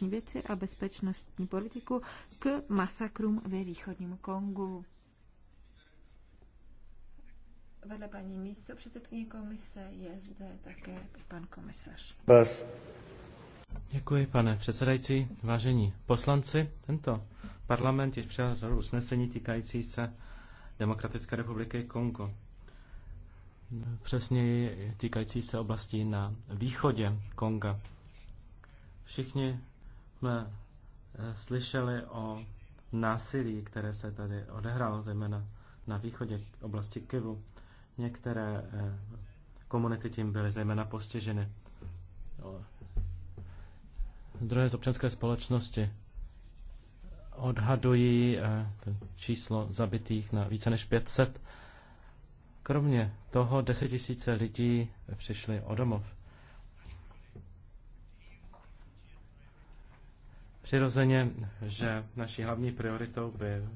zahraniční věci a bezpečnostní politiku k masakrům ve východním Kongu. Vedle paní místo předsedkyně komise je zde také pan komisař. Bez. Děkuji, pane předsedající. Vážení poslanci, tento parlament již přijal řadu usnesení týkající se Demokratické republiky Kongo. Přesněji týkající se oblastí na východě Konga. Všichni jsme eh, slyšeli o násilí, které se tady odehrálo, zejména na východě oblasti Kivu. Některé eh, komunity tím byly zejména postiženy. Zdroje z občanské společnosti odhadují eh, číslo zabitých na více než 500. Kromě toho 000 lidí přišli o domov. Přirozeně, že naší hlavní prioritou by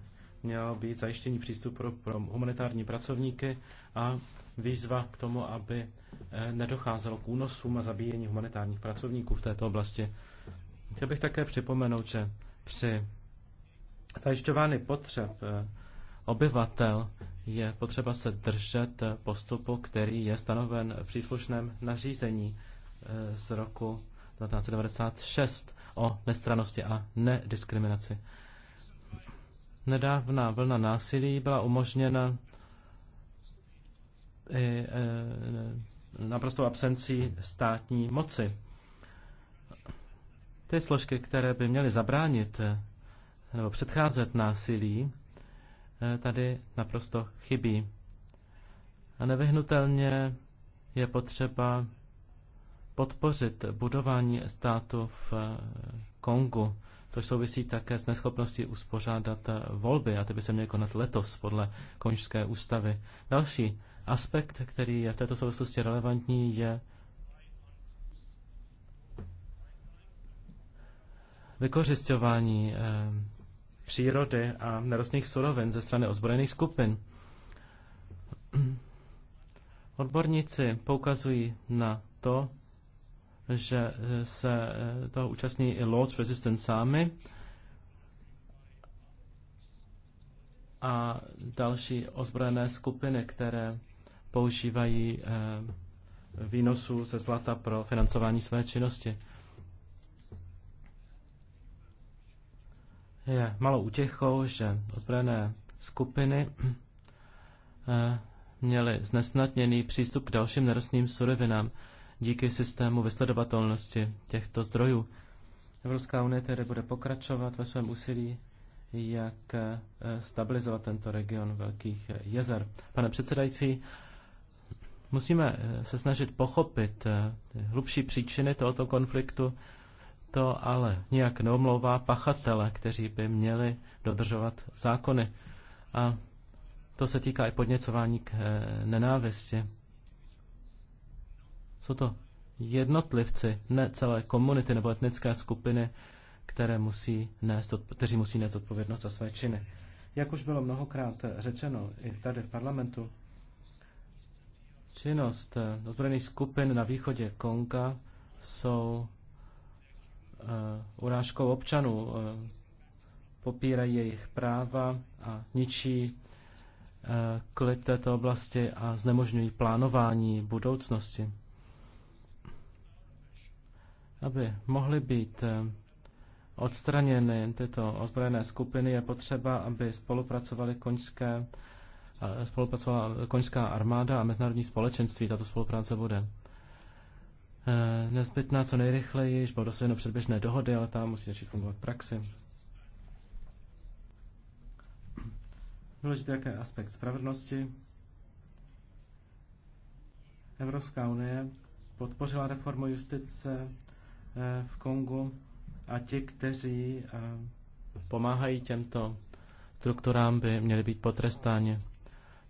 mělo být zajištění přístupu pro humanitární pracovníky a výzva k tomu, aby eh, nedocházelo k únosům a zabíjení humanitárních pracovníků v této oblasti. Chtěl bych také připomenout, že při zajišťování potřeb eh, obyvatel je potřeba se držet postupu, který je stanoven v příslušném nařízení eh, z roku 1996 o nestranosti a nediskriminaci. Nedávná vlna násilí byla umožněna i e, naprosto absencí státní moci. Ty složky, které by měly zabránit e, nebo předcházet násilí, e, tady naprosto chybí. A nevyhnutelně je potřeba podpořit budování státu v Kongu, což souvisí také s neschopností uspořádat volby a ty by se měly konat letos podle konžské ústavy. Další aspekt, který je v této souvislosti relevantní, je vykořišťování eh, přírody a nerostných surovin ze strany ozbrojených skupin. Odborníci poukazují na to, že eh, se eh, toho účastní i Lord Resistance a další ozbrojené skupiny, které používají eh, výnosů ze zlata pro financování své činnosti. Je malou útěchou, že ozbrojené skupiny měly znesnatněný přístup k dalším nerostným surovinám díky systému vysledovatelnosti těchto zdrojů. Evropská unie tedy bude pokračovat ve svém úsilí, jak eh, stabilizovat tento region Velkých eh, jezer. Pane předsedající, musíme eh, se snažit pochopit hlubší příčiny tohoto konfliktu, to ale nijak neomlouvá pachatele, kteří by měli dodržovat zákony. A to se týká i podněcování k nenávisti. Jsou to jednotlivci, ne celé komunity nebo etnické skupiny, které musí nést, kteří musí nést odpovědnost za své činy. Jak už bylo mnohokrát řečeno i tady v parlamentu, činnost eh, ozbrojených skupin na východě Konga jsou uh, urážkou občanů, uh, popírají jejich práva a ničí uh, klid této oblasti a znemožňují plánování budoucnosti. Aby mohly být eh, odstraněny tyto ozbrojené skupiny, je potřeba, aby spolupracovaly koňské, spolupracovala koňská armáda a mezinárodní společenství. Tato spolupráce bude eh, nezbytná co nejrychleji, již bylo dosaženo předběžné dohody, ale tam musí začít fungovat praxi. Důležitý jaký aspekt spravedlnosti. Evropská unie podpořila reformu justice Eh, v Kongu a ti, kteří eh, pomáhají těmto strukturám, by měli být potrestáni.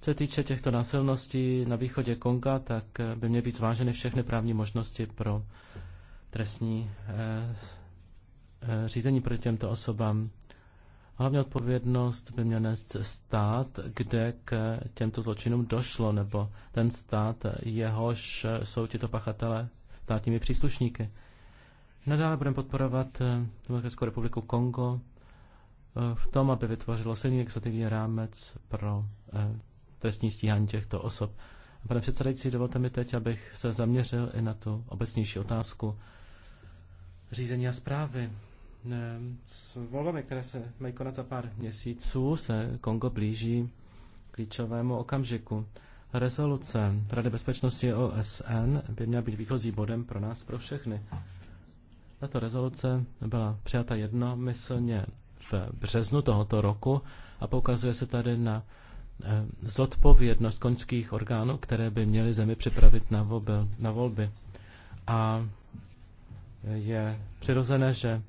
Co se týče těchto násilností na východě Konga, tak eh, by měly být zváženy všechny právní možnosti pro trestní řízení proti těmto osobám. Hlavně odpovědnost by měl nést stát, kde k těmto zločinům došlo, nebo ten stát, jehož jsou tito pachatele státními příslušníky. Nadále budeme podporovat eh, Demokratickou republiku Kongo eh, v tom, aby vytvořilo silný legislativní rámec pro eh, trestní stíhání těchto osob. Pane předsedající, dovolte mi teď, abych se zaměřil i na tu obecnější otázku řízení a zprávy. S volbami, které se mají konat za pár měsíců, se Kongo blíží klíčovému okamžiku. Rezoluce Rady bezpečnosti OSN by měla být výchozí bodem pro nás, pro všechny. Tato rezoluce byla přijata jednomyslně v březnu tohoto roku a poukazuje se tady na eh, zodpovědnost koňských orgánů, které by měly zemi připravit na, volby, na volby. A je přirozené, že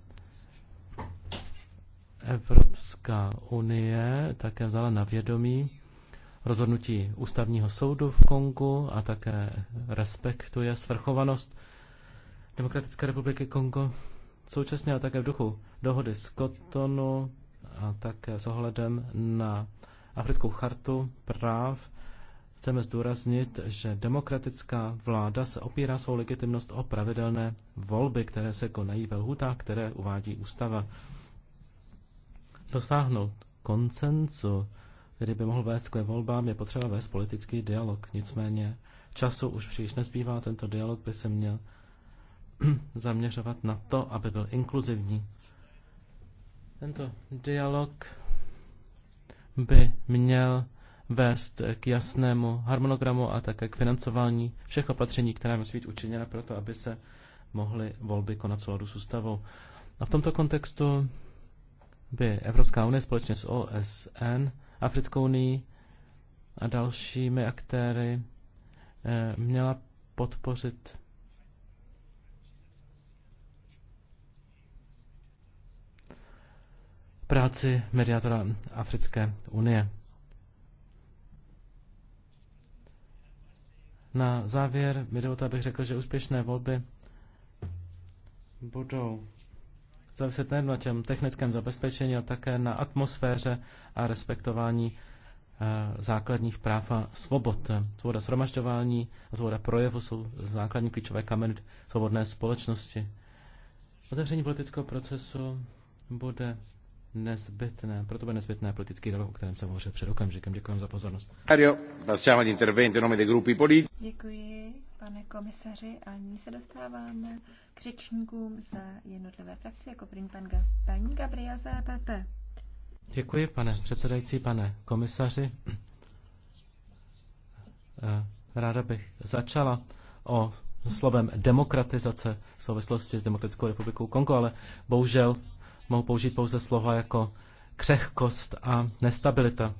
Evropská unie také vzala na vědomí rozhodnutí ústavního soudu v Kongu a také respektuje svrchovanost Demokratické republiky Kongo současně a také v duchu dohody z Kotonu a také s ohledem na Africkou chartu práv chceme zdůraznit, že demokratická vláda se opírá svou legitimnost o pravidelné volby, které se konají ve lhutách, které uvádí ústava. Dosáhnout koncenzu, který by mohl vést k volbám, je potřeba vést politický dialog. Nicméně času už příliš nezbývá, tento dialog by se měl zaměřovat na to, aby byl inkluzivní. Tento dialog by měl vést k jasnému harmonogramu a také k financování všech opatření, která musí být učiněna pro to, aby se mohly volby konat souladu s ústavou. A v tomto kontextu by Evropská unie společně s OSN, Africkou unii a dalšími aktéry eh, měla podpořit práci mediátora Africké unie. Na závěr mi dovolte, abych řekl, že úspěšné volby budou záviset nejen na těm technickém zabezpečení, ale také na atmosféře a respektování eh, základních práv a svobod. Svoboda shromažďování a svoboda projevu jsou základní klíčové kameny svobodné společnosti. Otevření politického procesu bude nezbytné, proto bude nezbytné politický dialog, o kterém jsem hovořil před okamžikem. Děkuji za pozornost. Děkuji, pane komisaři, a nyní se dostáváme k řečníkům za jednotlivé frakce, jako první pan Ga- paní Gabriel z EPP. Děkuji, pane předsedající, pane komisaři. Eh, ráda bych začala o slovem demokratizace v souvislosti s Demokratickou republikou Kongo, ale bohužel mohu použít pouze slova jako křehkost a nestabilita.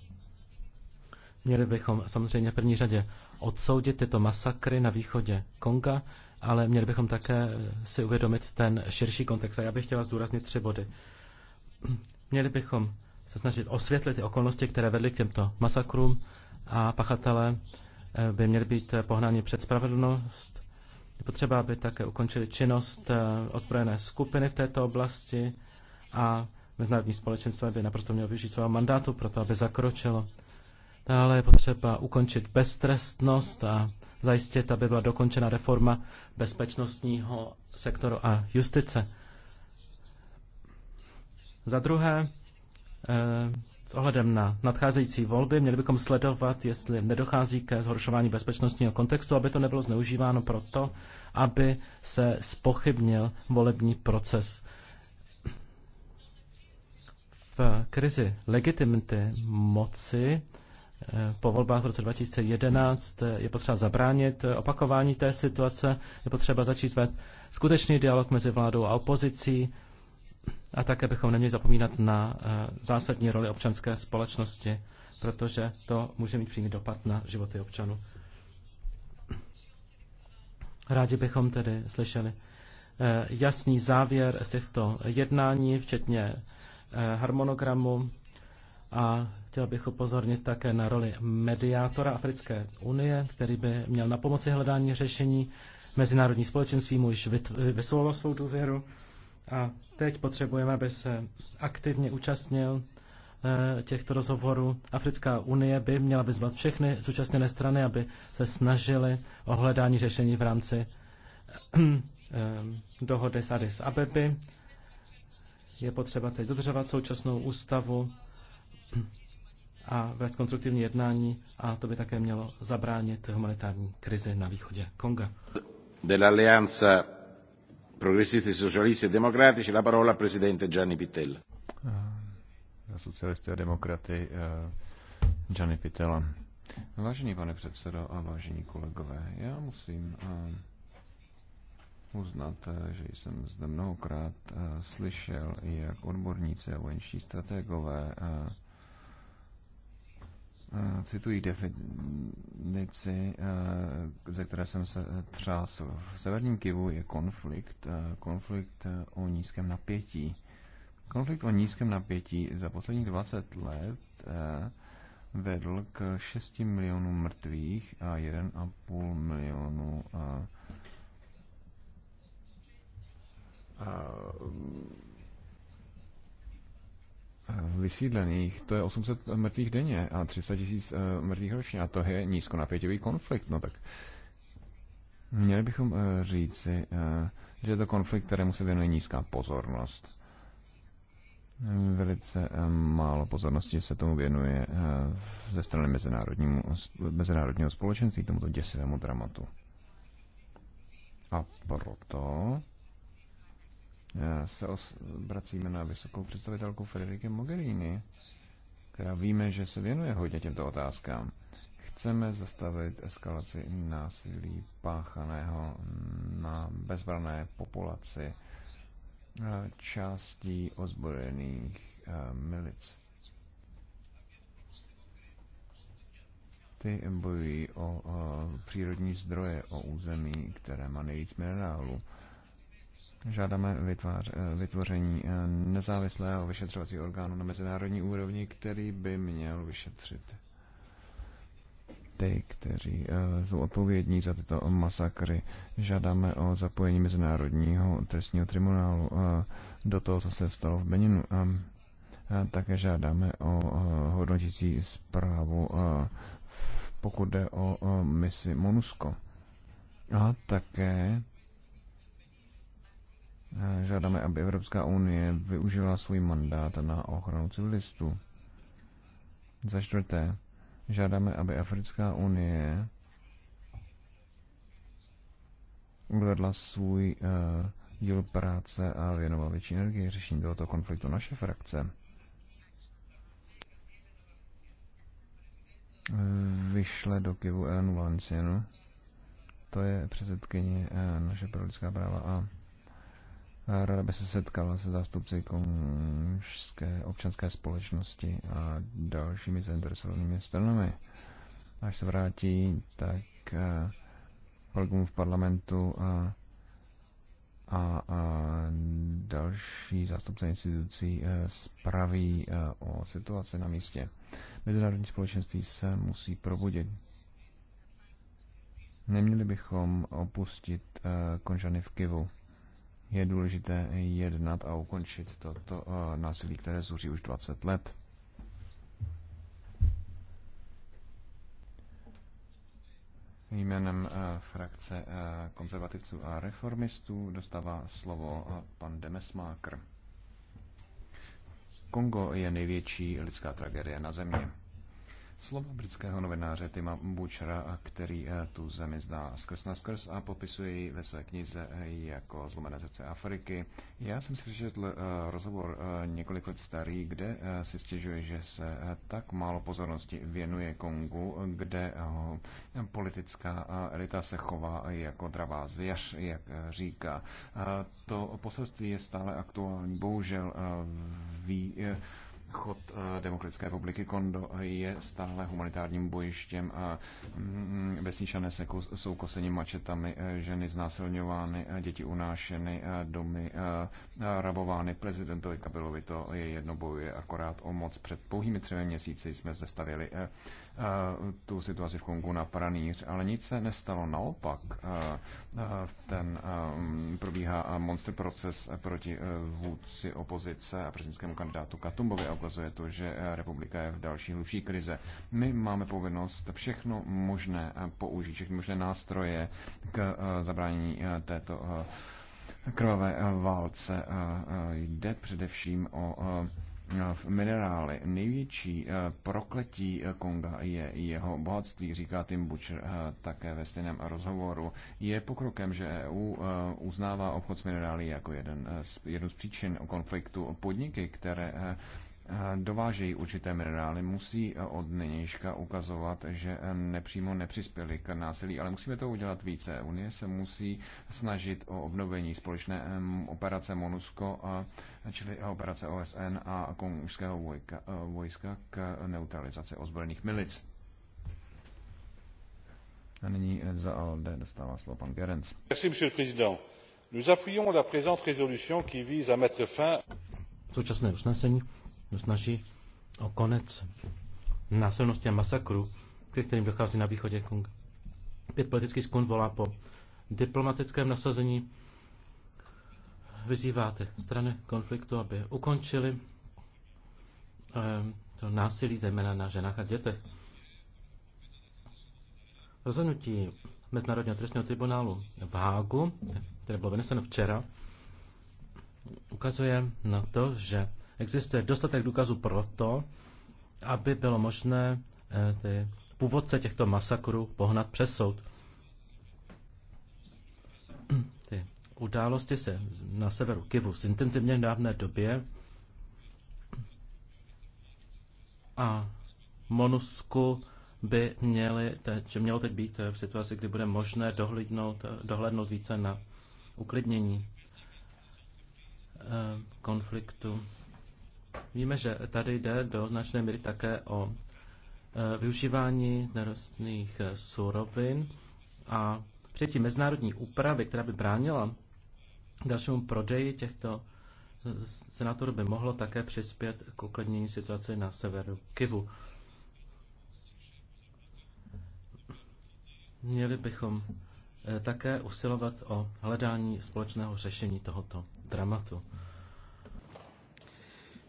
Měli bychom samozřejmě v první řadě odsoudit tyto masakry na východě Konga, ale měli bychom také si uvědomit ten širší kontext. A já bych chtěla zdůraznit tři body. Měli bychom se snažit osvětlit ty okolnosti, které vedly k těmto masakrům a pachatelé eh, by měli být pohnáni před spravedlnost. Je potřeba, aby také ukončili činnost eh, ozbrojené skupiny v této oblasti, a mezinárodní společenství by naprosto mělo využít svého mandátu pro to, aby zakročilo. Dále je potřeba ukončit beztrestnost a zajistit, aby byla dokončena reforma bezpečnostního sektoru a justice. Za druhé, eh, s ohledem na nadcházející volby, měli bychom sledovat, jestli nedochází ke zhoršování bezpečnostního kontextu, aby to nebylo zneužíváno proto, aby se spochybnil volební proces v krizi legitimity moci eh, po volbách v roce 2011 eh, je potřeba zabránit eh, opakování té situace, je potřeba začít vést skutečný dialog mezi vládou a opozicí a také bychom neměli zapomínat na zásadní roli občanské společnosti, protože to může mít přímý dopad na životy občanů. Rádi bychom tedy slyšeli jasný závěr z těchto jednání, včetně Eh, harmonogramu a chtěl bych upozornit také na roli mediátora Africké unie, který by měl na pomoci hledání řešení. Mezinárodní společenství mu již vyslovilo svou důvěru a teď potřebujeme, aby se aktivně účastnil eh, těchto rozhovorů. Africká unie by měla vyzvat všechny zúčastněné strany, aby se snažili o hledání řešení v rámci eh, dohody s Addis Abeby je potřeba teď dodržovat současnou ústavu a vést konstruktivní jednání a to by také mělo zabránit humanitární krizi na východě Konga. Dell'Alleanza Progressisti Socialisti e Democratici la parola presidente Gianni Pittella. Eh, za socialisty a demokraty eh, Gianni Pittella. Vážený pane předsedo a vážení kolegové, já musím eh, uznat, eh, že jsem zde mnohokrát eh, slyšel, jak odborníci a vojenští strategové eh, citují definici, ze které jsem se třásl. V severním Kivu je konflikt, konflikt o nízkém napětí. Konflikt o nízkém napětí za posledních 20 let vedl k 6 milionům mrtvých a 1,5 milionu vysídlených, to je 800 mrtvých denně a 300 tisíc e, mrtvých ročně a to je nízkonapěťový konflikt. No tak měli bychom e, říci, e, že je to konflikt, kterému se věnuje nízká pozornost. Velice málo pozornosti se tomu věnuje ze strany mezinárodního společenství, tomuto děsivému dramatu. A proto Eh, se obracíme na vysokou představitelku Federiky Mogherini, která víme, že se věnuje hodně těmto otázkám. Chceme zastavit eskalaci násilí páchaného na bezbrané populaci eh, částí ozbrojených eh, milic. Ty bojují o, o přírodní zdroje, o území, které má nejvíc minerálu. Žádáme vytvář, eh, vytvoření eh, nezávislého vyšetřovacího orgánu na mezinárodní úrovni, který by měl vyšetřit ty, kteří eh, jsou odpovědní za tyto masakry. Žádáme o zapojení Mezinárodního trestního tribunálu do toho, co se stalo v Beninu. také žádáme o hodnotící zprávu, pokud jde o misi MONUSCO. A také Eh, žádáme, aby Evropská unie využila svůj mandát na ochranu civilistů. Za čtvrté, žádáme, aby Africká unie uvedla svůj uh, díl práce a věnovala větší energii řešení tohoto konfliktu naše frakce. Eh, vyšle do Kivu Ellen Valencienu, to je předsedkyně uh, naše pro práva a Rada by se setkala se zástupci konžské občanské společnosti a dalšími zainteresovanými stranami. Až se vrátí, tak eh, kolegům v parlamentu a, eh, a, a další zástupce institucí eh, spraví o situaci na místě. Mezinárodní společenství se musí probudit. Neměli bychom opustit konžany v Kivu je důležité jednat a ukončit toto eh, násilí, které zuří už 20 let. Jménem eh, frakce eh, konzervativců a reformistů dostává slovo pan Demesmáker. Kongo je největší lidská tragédie na Země. Slova britského novináře Tima Butchera, který eh, tu zemi zná skrz na skrz a popisuje ji ve své knize eh, jako zlomené srdce Afriky. Já jsem si přečetl eh, rozhovor několik let starý, kde si stěžuje, že se tak málo pozornosti věnuje Kongu, kde politická elita se chová jako dravá zvěř, jak říká. To poselství je stále aktuální. Bohužel ví, Chod eh, Demokratické republiky Kondo je stále humanitárním bojištěm. Mm, mm, vesničané se jsou koseni mačetami, eh, ženy znásilňovány, eh, děti unášeny, domy rabovány. Prezidentovi Kabilovi to je jedno bojuje akorát o moc. Před pouhými třemi měsíci jsme zde stavili tu situaci v Kongu na pranýř, ale nic se nestalo. Naopak ten probíhá monster proces proti vůdci opozice a prezidentskému kandidátu Katumbovi ukazuje to, že eh, republika je v další hlubší krize. My máme povinnost všechno možné eh, použít, všechny možné nástroje k eh, zabránění této krvavé válce. Jde především o v minerály. Největší prokletí Konga je jeho bohatství, říká Tim Butcher také ve stejném rozhovoru. Je pokrokem, že EU uznává obchod s minerály jako jeden z, jednu z příčin konfliktu. Podniky, které dovážejí určité minerály, musí eh, od nynějška ukazovat, že eh, nepřímo nepřispěli k násilí, ale musíme to udělat více. Unie se musí snažit o obnovení společné operace MONUSCO, eh, čili operace OSN a konžského vojska k neutralizaci ozbrojených milic. A nyní za ALD dostává slovo pan Gerenc. Merci, monsieur le président. Nous appuyons la présente résolution qui vise à mettre fin... Současné usnesení snaží o konec násilnosti a masakru, který kterým dochází na východě Kong. Pět politických skun volá po diplomatickém nasazení. Vyzýváte strany konfliktu, aby ukončili eh, to násilí, zejména na ženách a dětech. Rozhodnutí Mezinárodního trestního tribunálu v Hágu, které bylo vyneseno včera, ukazuje na to, že existuje dostatek důkazů pro to, aby bylo možné eh, ty původce těchto masakrů pohnat přes soud. Ty události se na severu Kivu zintenzivně v dávné době a MONUSKU by měly, že mělo teď být eh, v situaci, kdy bude možné dohlídnout, eh, dohlednout více na uklidnění konfliktu. Víme, že tady jde do značné míry také o e, využívání nerostných e, surovin a přijetí mezinárodní úpravy, která by bránila dalšímu prodeji těchto e, senátorů, by mohlo také přispět k uklidnění situace na severu Kivu. Měli bychom také usilovat o hledání společného řešení tohoto dramatu.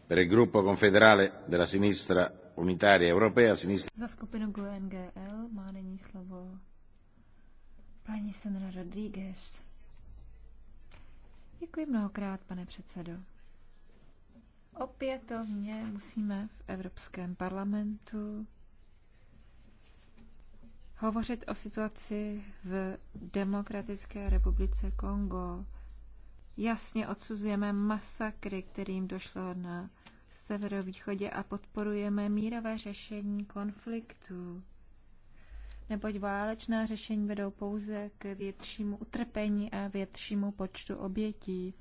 Per il gruppo confederale della sinistra unitaria europea, sinistra... Za skupinu GUNGL má nyní slovo paní Sandra Rodríguez. Děkuji mnohokrát, pane předsedo. Opětovně musíme v Evropském parlamentu hovořit o situaci v Demokratické republice Kongo. Jasně odsuzujeme masakry, kterým došlo na severovýchodě a podporujeme mírové řešení konfliktů. Neboť válečná řešení vedou pouze k většímu utrpení a většímu počtu obětí.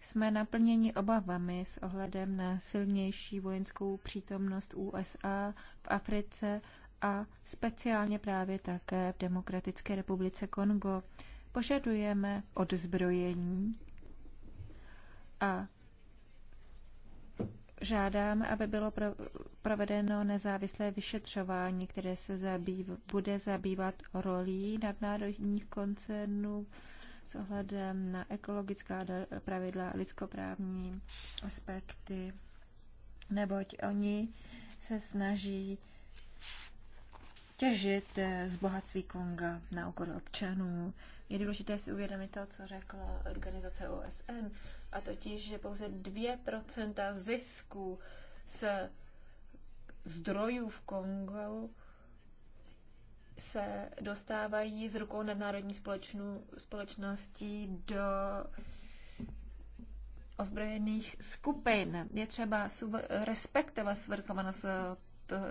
Jsme naplněni obavami s ohledem na silnější vojenskou přítomnost USA v Africe a speciálně právě také v Demokratické republice Kongo. Požadujeme odzbrojení a žádám, aby bylo provedeno nezávislé vyšetřování, které se zabýv, bude zabývat rolí nadnárodních koncernů s ohledem na ekologická pravidla a lidskoprávní aspekty, neboť oni se snaží těžit eh, z bohatství Konga na úkor občanů je důležité si uvědomit to, co řekla organizace OSN, a totiž, že pouze 2% zisku z zdrojů v Kongu se dostávají z rukou nadnárodní společností do ozbrojených skupin. Je třeba respektovat svrchovanost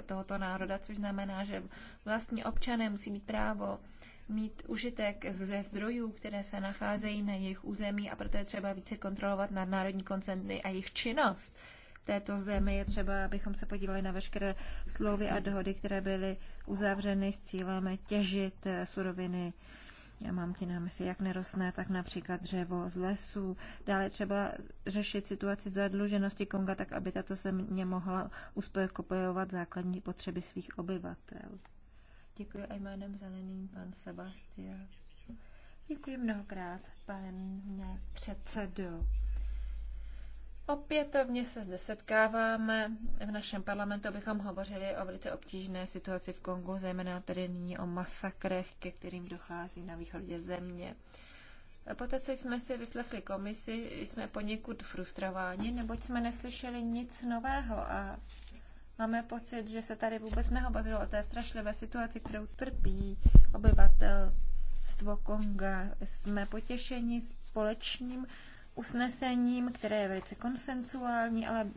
tohoto národa, což znamená, že vlastní občané musí mít právo mít užitek ze zdrojů, které se nacházejí na jejich území a proto je třeba více kontrolovat nadnárodní koncerny a jejich činnost této zemi. Je třeba, abychom se podívali na veškeré slovy a dohody, které byly uzavřeny s cílem těžit eh, suroviny. Já mám ti na mysli jak nerostné, tak například dřevo z lesů. Dále třeba řešit situaci zadluženosti Konga tak, aby tato země mohla uspokojovat základní potřeby svých obyvatel. Děkuji a jménem zeleným pan Sebastian. Děkuji mnohokrát, pane předsedo. Opětovně se zde setkáváme v našem parlamentu, abychom hovořili o velice obtížné situaci v Kongu, zejména tedy nyní o masakrech, ke kterým dochází na východě země. Poté, co jsme si vyslechli komisi, jsme poněkud frustrováni, neboť jsme neslyšeli nic nového a Máme pocit, že se tady vůbec nehovořilo o té strašlivé situaci, kterou trpí obyvatelstvo Konga. Jsme potěšeni společným usnesením, které je velice konsensuální, ale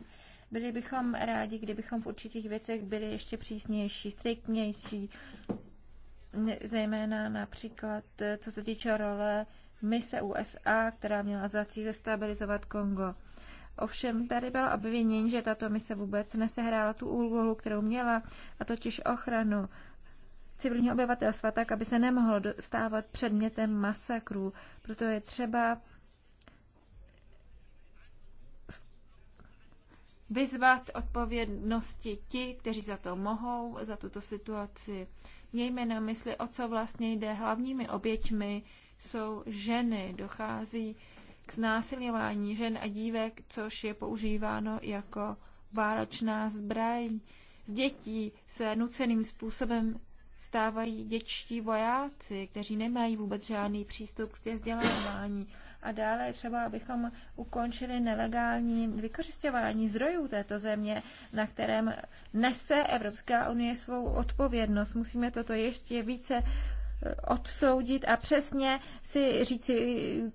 byli bychom rádi, kdybychom v určitých věcech byli ještě přísnější, striktnější, zejména například, co se týče role mise USA, která měla za cíl stabilizovat Kongo. Ovšem tady bylo obvinění, že tato mise vůbec nesehrála tu úlohu, kterou měla, a totiž ochranu civilního obyvatelstva tak, aby se nemohlo stávat předmětem masakrů. Proto je třeba vyzvat odpovědnosti ti, kteří za to mohou, za tuto situaci. Mějme na mysli, o co vlastně jde. Hlavními oběťmi jsou ženy. Dochází k znásilňování žen a dívek, což je používáno jako válečná zbraň. Z dětí se nuceným způsobem stávají dětští vojáci, kteří nemají vůbec žádný přístup k vzdělávání. A dále je třeba, abychom ukončili nelegální vykořišťování zdrojů této země, na kterém nese Evropská unie svou odpovědnost. Musíme toto ještě více odsoudit a přesně si říci,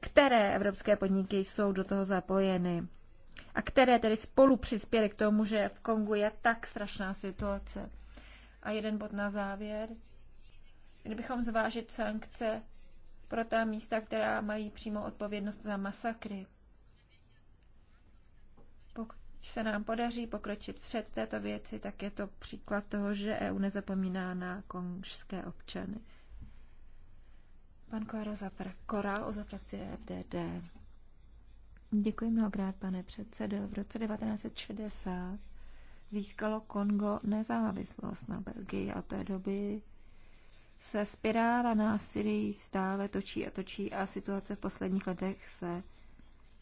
které evropské podniky jsou do toho zapojeny a které tedy spolu přispěly k tomu, že v Kongu je tak strašná situace. A jeden bod na závěr. Kdybychom zvážit sankce pro ta místa, která mají přímou odpovědnost za masakry. Pokud se nám podaří pokročit před této věci, tak je to příklad toho, že EU nezapomíná na kongské občany. Pan Kora za, pra- Kora za frakci FDD. Děkuji mnohokrát, pane předsedo. V roce 1960 získalo Kongo nezávislost na Belgii a od té doby se spirála násilí stále točí a točí a situace v posledních letech se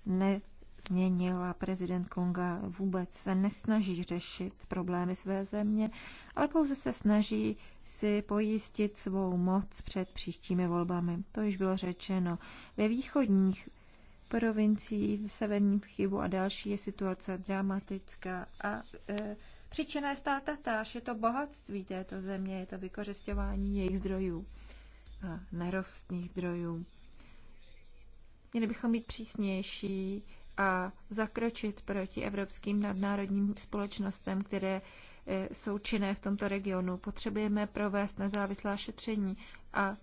ne změnil a prezident Konga vůbec se nesnaží řešit problémy své země, ale pouze se snaží si pojistit svou moc před příštími volbami. To již bylo řečeno. Ve východních provincií, v severním chybu a další je situace dramatická a e, Příčina je stále tatáž, je to bohatství této země, je to vykořišťování jejich zdrojů a nerostných zdrojů. Měli bychom být přísnější a zakročit proti evropským nadnárodním společnostem, které e, jsou činné v tomto regionu. Potřebujeme provést nezávislá šetření a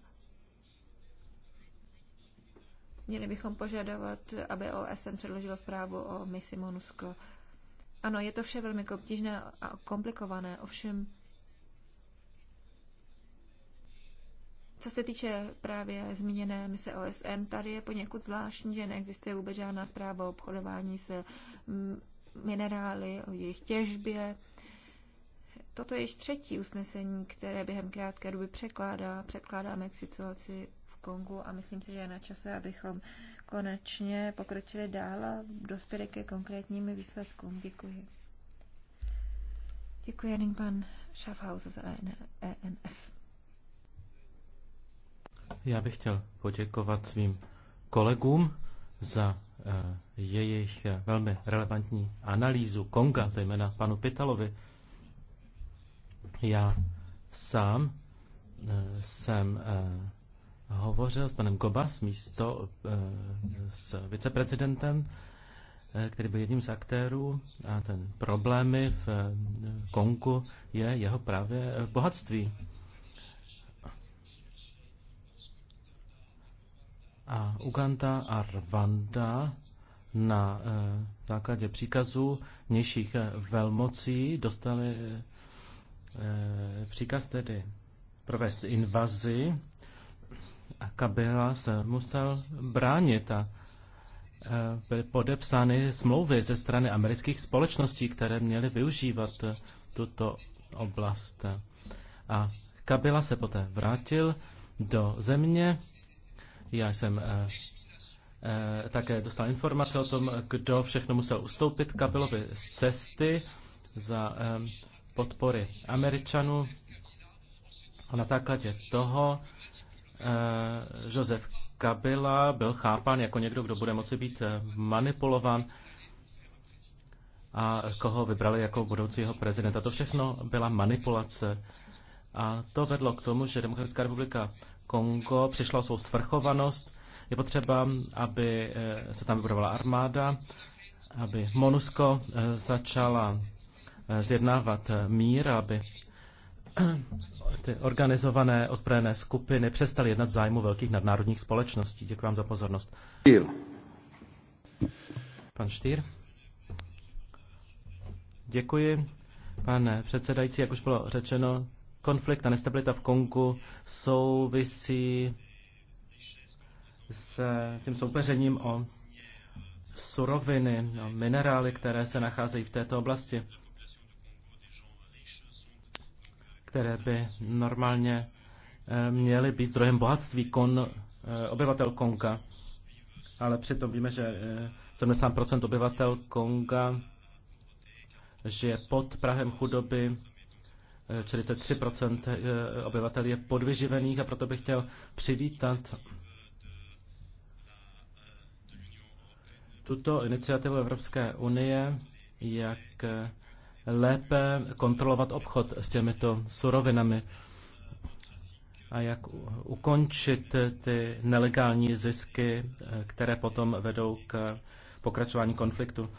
měli bychom požadovat, aby OSN předložilo zprávu o misi MONUSCO. Ano, je to vše velmi obtížné a komplikované, ovšem Co se týče právě zmíněné mise OSN, tady je poněkud zvláštní, že neexistuje vůbec žádná zpráva o obchodování s mm, minerály, o jejich těžbě. Toto je již třetí usnesení, které během krátké doby překládá, předkládáme k situaci v Kongu a myslím si, že je na čase, abychom konečně pokročili dál a dospěli ke konkrétním výsledkům. Děkuji. Děkuji, jen pan Schaffhauser za ENF. Já bych chtěl poděkovat svým kolegům za eh, jejich eh, velmi relevantní analýzu Konga, zejména panu Pitalovi. Já sám eh, jsem hovořil s panem Gobas, místo s viceprezidentem, který byl jedním z aktérů a ten problémy v Kongu je jeho právě bohatství. a Uganda a Rwanda na eh, základě příkazu vnějších eh, velmocí dostali eh, příkaz tedy provést invazi a Kabila se musel bránit a byly podepsány smlouvy ze strany amerických společností, které měly využívat tuto oblast. A Kabila se poté vrátil do země, já jsem eh, eh, také dostal informace o tom, kdo všechno musel ustoupit Kabilovi z cesty za eh, podpory Američanů. A na základě toho Josef Kabila byl chápán jako někdo, kdo bude moci být manipulovan a koho vybrali jako budoucího prezidenta. To všechno byla manipulace a to vedlo k tomu, že Demokratická republika Kongo přišla o svou svrchovanost. Je potřeba, aby eh, se tam vybudovala armáda, aby MONUSCO eh, začala eh, zjednávat mír, aby ty organizované ozbrojené skupiny přestaly jednat v zájmu velkých nadnárodních společností. Děkuji vám za pozornost. Pan Štýr. Děkuji, pane předsedající. Jak už bylo řečeno, Konflikt a nestabilita v Kongu souvisí s tím soupeřením o suroviny, o minerály, které se nacházejí v této oblasti, které by normálně eh, měly být zdrojem bohatství kon, eh, obyvatel Konga. Ale přitom víme, že 70 eh, obyvatel Konga žije pod Prahem chudoby 43% eh, obyvatel je podvyživených a proto bych chtěl přivítat tuto iniciativu Evropské unie, jak lépe kontrolovat obchod s těmito surovinami a jak ukončit ty nelegální zisky, eh, které potom vedou k pokračování konfliktu.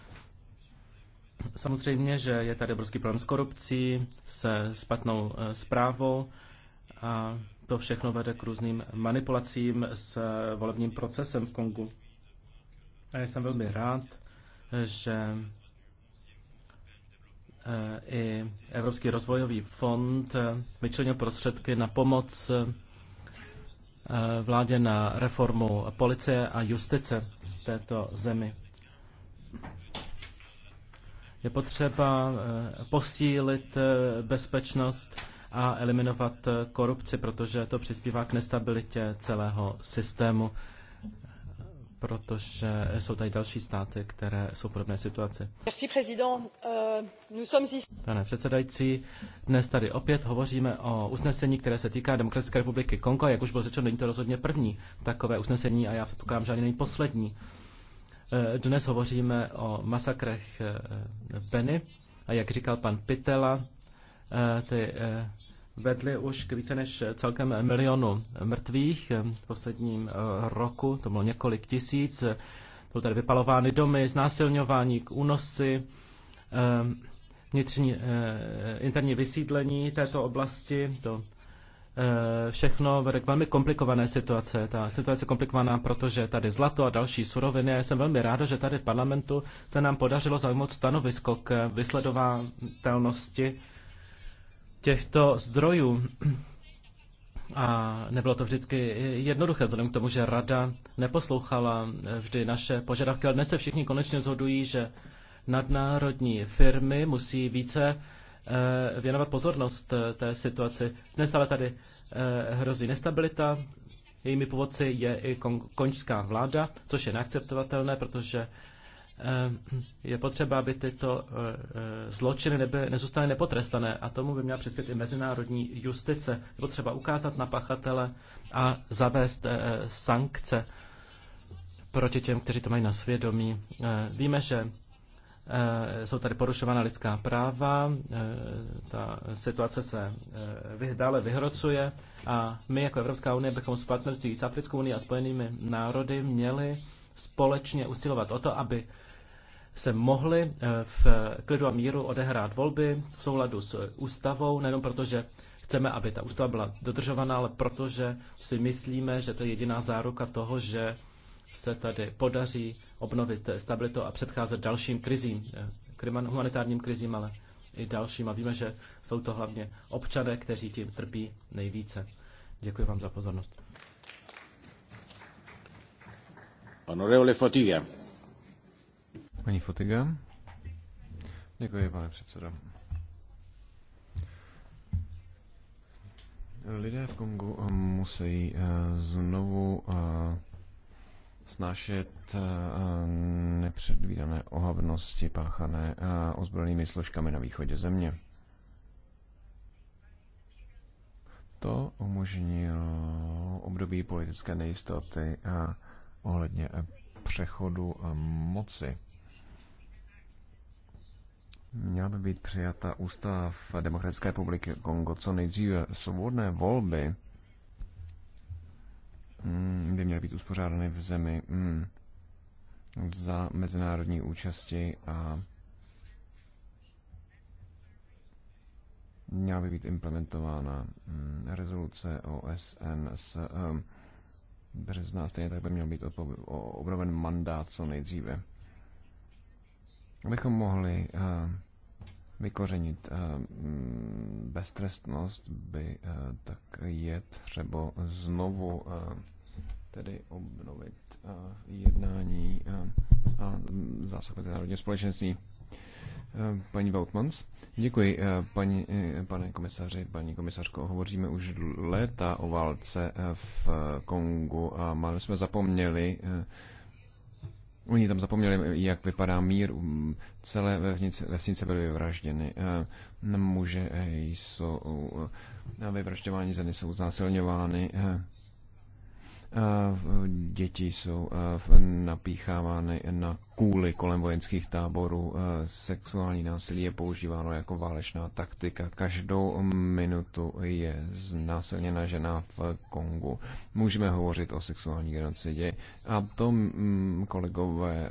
Samozřejmě, že je tady obrovský problém s korupcí, se spatnou eh, zprávou a to všechno vede k různým manipulacím s eh, volebním procesem v Kongu. A já jsem velmi rád, že eh, i Evropský rozvojový fond vyčlenil prostředky na pomoc vládě na reformu policie a justice této zemi. Je potřeba eh, posílit eh, bezpečnost a eliminovat eh, korupci, protože to přispívá k nestabilitě celého systému, protože jsou tady další státy, které jsou v podobné situaci. Euh, Pane předsedající, dnes tady opět hovoříme o usnesení, které se týká Demokratické republiky Kongo. Jak už bylo řečeno, není to rozhodně první takové usnesení a já předpokládám, že ani není poslední. Eh, dnes hovoříme o masakrech eh, Beny a jak říkal pan Pitela, eh, ty vedly už k více než celkem milionu mrtvých v posledním roku, to bylo několik tisíc, byly tady vypalovány domy, znásilňování, únosy, vnitřní, interní vysídlení této oblasti, to Eh, všechno vede k velmi komplikované situace. Ta situace je komplikovaná, protože tady zlato a další suroviny. Já jsem velmi ráda, že tady v parlamentu se nám podařilo zaujmout stanovisko k vysledovatelnosti těchto zdrojů. A nebylo to vždycky jednoduché, vzhledem k tomu, že rada neposlouchala eh, vždy naše požadavky, ale dnes se všichni konečně zhodují, že nadnárodní firmy musí více Eh, věnovat pozornost eh, té situaci. Dnes ale tady eh, hrozí nestabilita, jejími původci je i končská vláda, což je neakceptovatelné, protože je potřeba, aby tyto zločiny neby, nezůstaly nepotrestané a tomu by měla přispět i mezinárodní justice. Je potřeba ukázat na pachatele a zavést sankce proti těm, kteří to mají na svědomí. Víme, že Eh, jsou tady porušována lidská práva, eh, ta situace se eh, dále vyhrocuje a my jako Evropská unie bychom s partnerství s Africkou unii a Spojenými národy měli společně usilovat o to, aby se mohly v klidu a míru odehrát volby v souladu s ústavou, nejenom protože chceme, aby ta ústava byla dodržovaná, ale protože si myslíme, že to je jediná záruka toho, že se tady podaří obnovit stabilitu a předcházet dalším krizím, eh, humanitárním krizím, ale i dalším. A víme, že jsou to hlavně občané, kteří tím trpí nejvíce. Děkuji vám za pozornost. Honorable Fotiga. Paní Fotiga. Děkuji, pane předsedo. Lidé v Kongu musí eh, znovu eh, snášet eh, nepředvídané ohavnosti páchané eh, ozbrojenými složkami na východě země. To umožnilo období politické nejistoty a eh, ohledně přechodu moci. Měla by být přijata ústava Demokratické republiky Kongo co nejdříve. Svobodné volby uspořádány v zemi hmm, za mezinárodní účasti a měla by být implementována hmm, rezoluce OSN s hmm, března, stejně tak by měl být obroven mandát co nejdříve. Abychom mohli uh, vykořenit uh, beztrestnost, by uh, tak je třeba znovu uh, tedy obnovit eh, jednání eh, a zásah mezinárodního společenství. Eh, paní Vautmans. Děkuji, paní, pane komisaři, paní komisařko. Hovoříme už léta o válce v Kongu a máme jsme zapomněli, Oni tam zapomněli, jak vypadá mír. Mm, celé vesnice, vesnice byly vyvražděny. Muže jsou vyvražďováni, ženy jsou znásilňovány. Eh, děti jsou eh, napíchávány na kůly kolem vojenských táborů. Eh, sexuální násilí je používáno jako válečná taktika. Každou minutu je znásilněna žena v Kongu. Můžeme hovořit o sexuální genocidě. A to, mm, kolegové,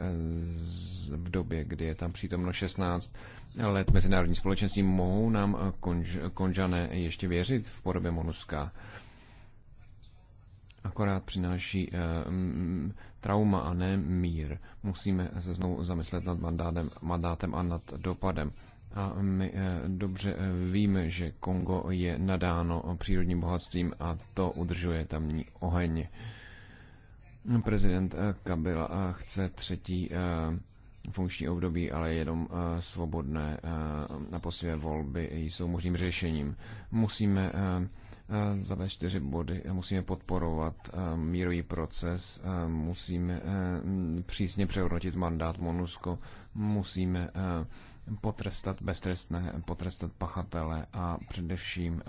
v době, kdy je tam přítomno 16 let mezinárodní společenství, mohou nám konž, konžané ještě věřit v podobě Monuska akorát přináší eh, trauma a ne mír. Musíme se znovu zamyslet nad mandátem, mandátem a nad dopadem. A my eh, dobře eh, víme, že Kongo je nadáno přírodním bohatstvím a to udržuje tamní oheň. Prezident Kabila chce třetí funkční období, ale jenom svobodné a posvěje volby jsou možným řešením. Musíme Eh, za mé čtyři body. Musíme podporovat eh, mírový proces, eh, musíme přísně přehodnotit mandát MONUSCO, musíme potrestat beztrestné, potrestat pachatele a především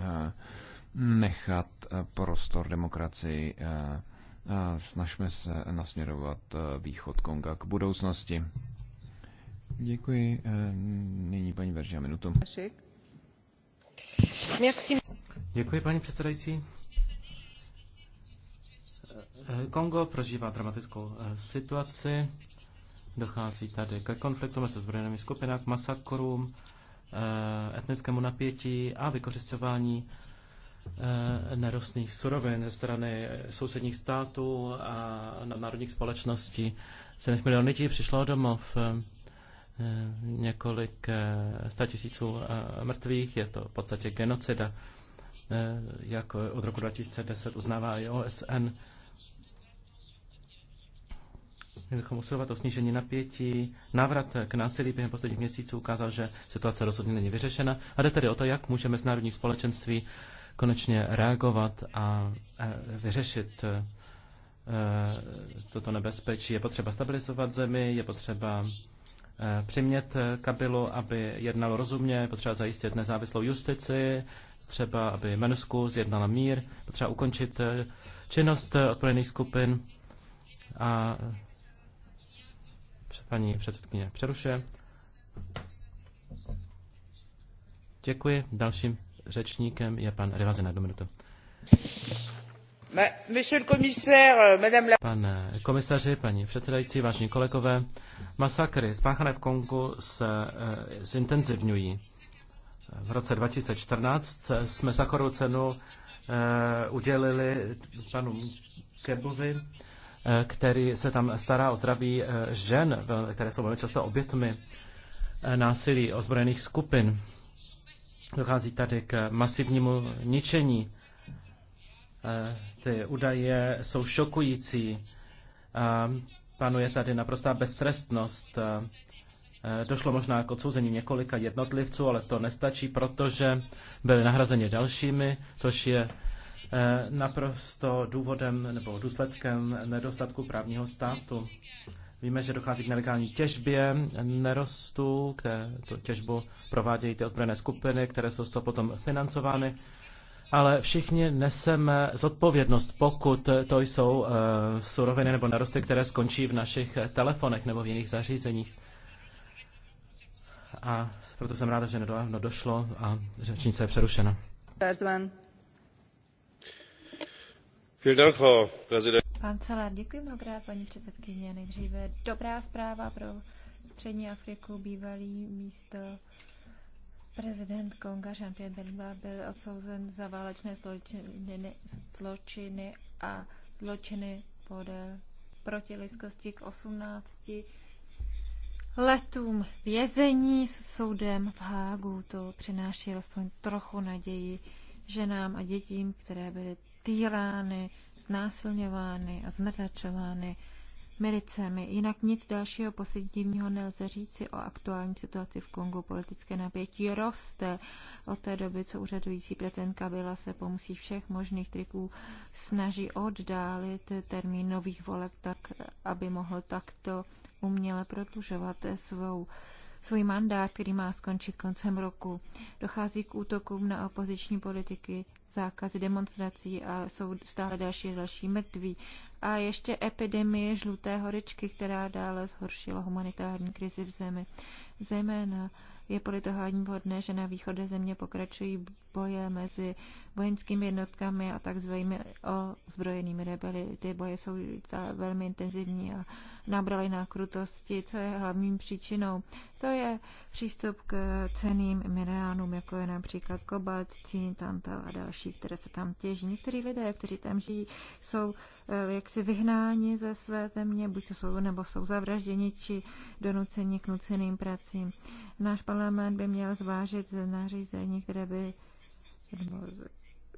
nechat prostor demokracii. Snažme se nasměrovat východ Konga k budoucnosti. Děkuji. Nyní paní Veržia minutu. Merci. Děkuji, paní předsedající. Kongo prožívá dramatickou eh, situaci. Dochází tady ke konfliktu mezi zbrojenými skupinami, k masakrům, eh, etnickému napětí a vykořišťování eh, nerostných surovin ze strany sousedních států a nadnárodních společností. 7 milionů lidí přišlo domov, několik statisíců mrtvých, je to v podstatě genocida. Eh, jak od roku 2010 uznává i OSN. Měli bychom usilovat o snížení napětí. Návrat k násilí během posledních měsíců ukázal, že situace rozhodně není vyřešena. A jde tedy o to, jak může mezinárodní společenství konečně reagovat a eh, vyřešit eh, toto nebezpečí. Je potřeba stabilizovat zemi, je potřeba přimět Kabilu, aby jednal rozumně, potřeba zajistit nezávislou justici, třeba, aby Menusku zjednala mír, potřeba ukončit eh, činnost eh, ozbrojených skupin a eh, paní předsedkyně přeruše. Děkuji. Dalším řečníkem je pan Rivaze na minutu. Pane komisaři, paní předsedající, vážní kolegové, masakry spáchané v Kongu se zintenzivňují. V roce 2014 jsme Sachorovou cenu eh, udělili panu Kebovi, eh, který se tam stará o zdraví eh, žen, které jsou velmi často obětmi násilí ozbrojených skupin. Dochází tady k masivnímu ničení. Ty údaje jsou šokující. Panuje tady naprostá beztrestnost. Eh, došlo možná k odsouzení několika jednotlivců, ale to nestačí, protože byly nahrazeni dalšími, což je eh, naprosto důvodem nebo důsledkem nedostatku právního státu. Víme, že dochází k nelegální těžbě nerostů, které tu těžbu provádějí ty ozbrojené skupiny, které jsou z toho potom financovány. Ale všichni neseme zodpovědnost, pokud to jsou uh, suroviny nebo narosty, které skončí v našich telefonech nebo v jiných zařízeních a proto jsem ráda, že nedávno došlo a řečnice je přerušena. Pán Celer, děkuji mnohokrát, paní předsedkyně. Nejdříve dobrá zpráva pro střední Afriku, bývalý místo Prezident Konga Jean-Pierre Bemba byl odsouzen za válečné zločiny, zločiny a zločiny podél proti lidskosti k 18 letům vězení s soudem v Hágu. To přináší alespoň trochu naději ženám a dětím, které byly týrány, znásilňovány a zmrzačovány milicemi. Jinak nic dalšího pozitivního nelze říci o aktuální situaci v Kongu. Politické napětí roste od té doby, co úřadující prezidentka byla se pomocí všech možných triků snaží oddálit termín nových voleb tak, aby mohl takto uměle prodlužovat svou svůj mandát, který má skončit koncem roku. Dochází k útokům na opoziční politiky zákazy demonstrací a jsou stále další další mrtví. A ještě epidemie žluté horečky, která dále zhoršila humanitární krizi v zemi. Zejména je politohání vhodné, že na východě země pokračují boje mezi vojenskými jednotkami a takzvanými ozbrojenými rebeli. Ty boje jsou velmi intenzivní a nabraly na krutosti, co je hlavním příčinou. To je přístup k ceným minerálům, jako je například kobalt, cín, tantal a další, které se tam těží. Někteří lidé, kteří tam žijí, jsou eh, jaksi vyhnáni ze své země, buď to jsou, nebo jsou zavražděni, či donuceni k nuceným pracím. Náš parlament by měl zvážit nařízení, které by nebo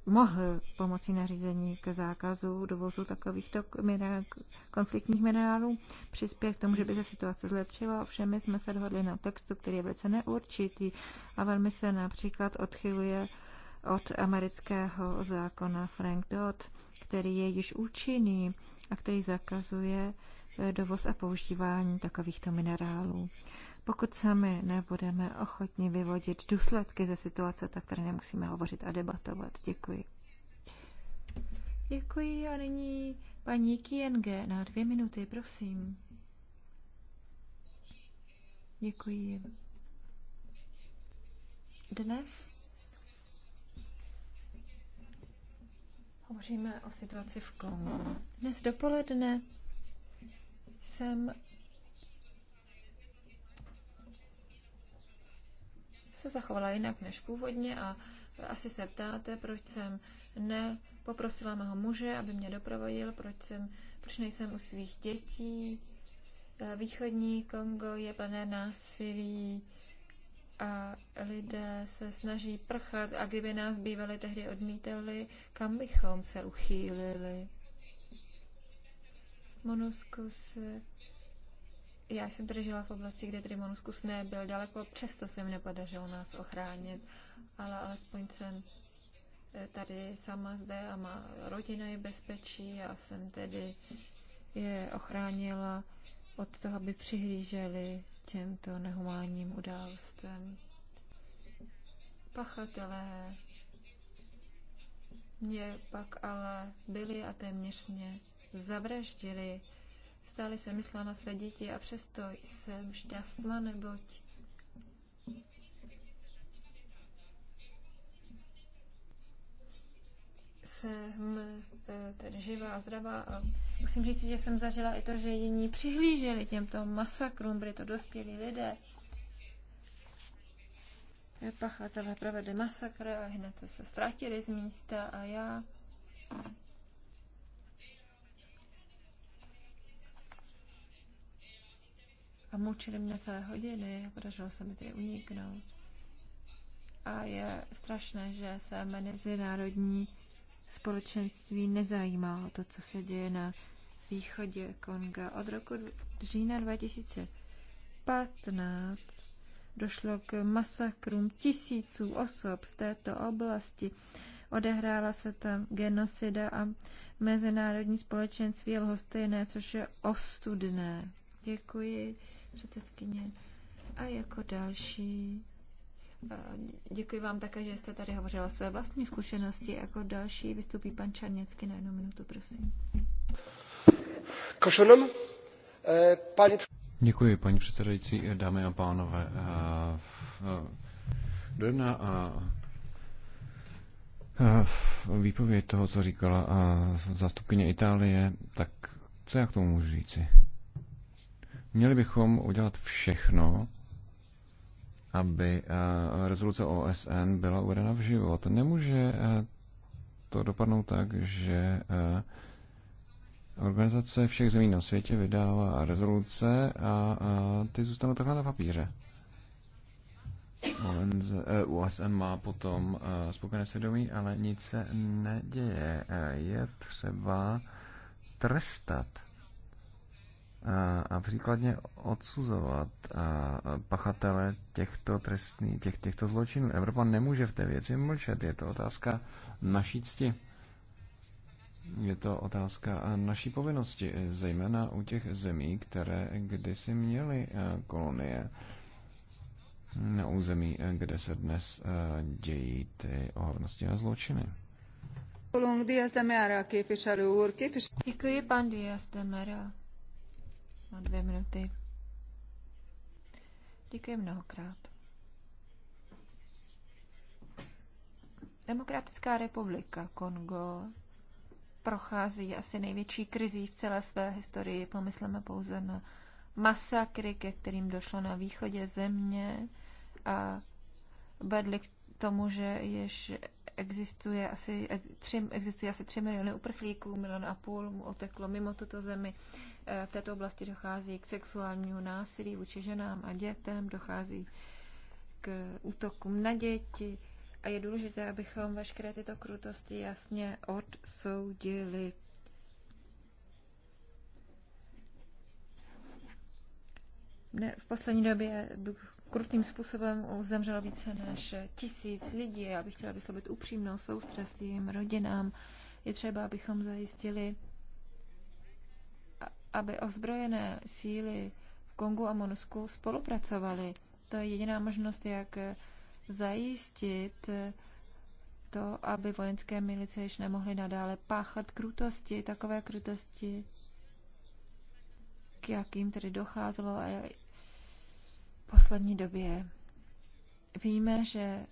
mohl pomocí nařízení k zákazu dovozu takovýchto minerál, konfliktních minerálů přispět k tomu, že by se situace zlepšila. Ovšem my jsme se dohodli na textu, který je velice neurčitý a velmi se například odchyluje od amerického zákona Frank Dodd, který je již účinný a který zakazuje dovoz a používání takovýchto minerálů. Pokud sami nebudeme ochotni vyvodit důsledky ze situace, tak tady nemusíme hovořit a debatovat. Děkuji. Děkuji a nyní paní KNG na dvě minuty, prosím. Děkuji. Dnes hovoříme o situaci v Kongu. Dnes dopoledne jsem se zachovala jinak než původně a asi se ptáte, proč jsem nepoprosila mého muže, aby mě doprovodil, proč, jsem, proč nejsem u svých dětí. E, východní Kongo je plné násilí a lidé se snaží prchat a kdyby nás bývali tehdy odmítali, kam bychom se uchýlili. Monuskus já jsem tedy žila v oblasti, kde tedy Monuskus nebyl daleko, přesto se mi nepodařilo nás ochránit, ale alespoň jsem eh, tady sama zde a má rodina je bezpečí. a jsem tedy je ochránila od toho, aby přihlíželi těmto nehumánním událostem. Pachatelé mě pak ale byli a téměř mě zavraždili. Stále jsem myslela na své děti a přesto jsem šťastná, neboť jsem eh, tedy živá a zdravá a musím říct, že jsem zažila i to, že jiní přihlíželi těmto masakrům, byli to dospělí lidé. Pachatelé provedli masakr a hned se ztratili z místa a já a mučili mě celé hodiny, podařilo se mi tedy uniknout. A je strašné, že se mezinárodní společenství nezajímá o to, co se děje na východě Konga. Od roku října 2015 došlo k masakrům tisíců osob v této oblasti. Odehrála se tam genocida a mezinárodní společenství lhostejné, což je ostudné. Děkuji předsedkyně. A jako další Děkuji vám také, že jste tady hovořila své vlastní zkušenosti. Jako další vystupí pan Čarněcky na jednu minutu, prosím. Košonom, e, paní... Děkuji, paní předsedající, dámy a pánové. E, e, dojemná a výpověď toho, co říkala zástupkyně Itálie, tak co já k tomu můžu říci? Měli bychom udělat všechno, aby eh, rezoluce OSN byla uvedena v život. Nemůže eh, to dopadnout tak, že eh, organizace všech zemí na světě vydává rezoluce a ty zůstanou takhle na papíře. OSN má potom spokojené svědomí, ale nic se neděje. Je třeba trestat a příkladně odsuzovat pachatele těchto trestní těch, těchto zločinů. Evropa nemůže v té věci mlčet. Je to otázka naší cti. Je to otázka naší povinnosti, zejména u těch zemí, které kdysi měly kolonie na území, kde se dnes dějí ty ohavnosti a zločiny. Děkuji, pan Díaz de Mera na dvě minuty. Děkuji mnohokrát. Demokratická republika Kongo prochází asi největší krizí v celé své historii. Pomysleme pouze na masakry, ke kterým došlo na východě země a vedli k tomu, že již existuje asi, eh, tři, existuje asi 3 miliony uprchlíků, milion a půl mu oteklo mimo tuto zemi. Eh, v této oblasti dochází k sexuálnímu násilí vůči ženám a dětem, dochází k útokům na děti a je důležité, abychom veškeré tyto krutosti jasně odsoudili. Ne, v poslední době krutým způsobem zemřelo více než tisíc lidí. Já bych chtěla vyslovit upřímnou soustrast jejím rodinám. Je třeba, abychom zajistili aby ozbrojené síly v Kongu a Monusku spolupracovaly. To je jediná možnost, jak zajistit to, aby vojenské milice již nemohly nadále páchat krutosti, takové krutosti, k jakým tedy docházelo a v poslední době. Víme, že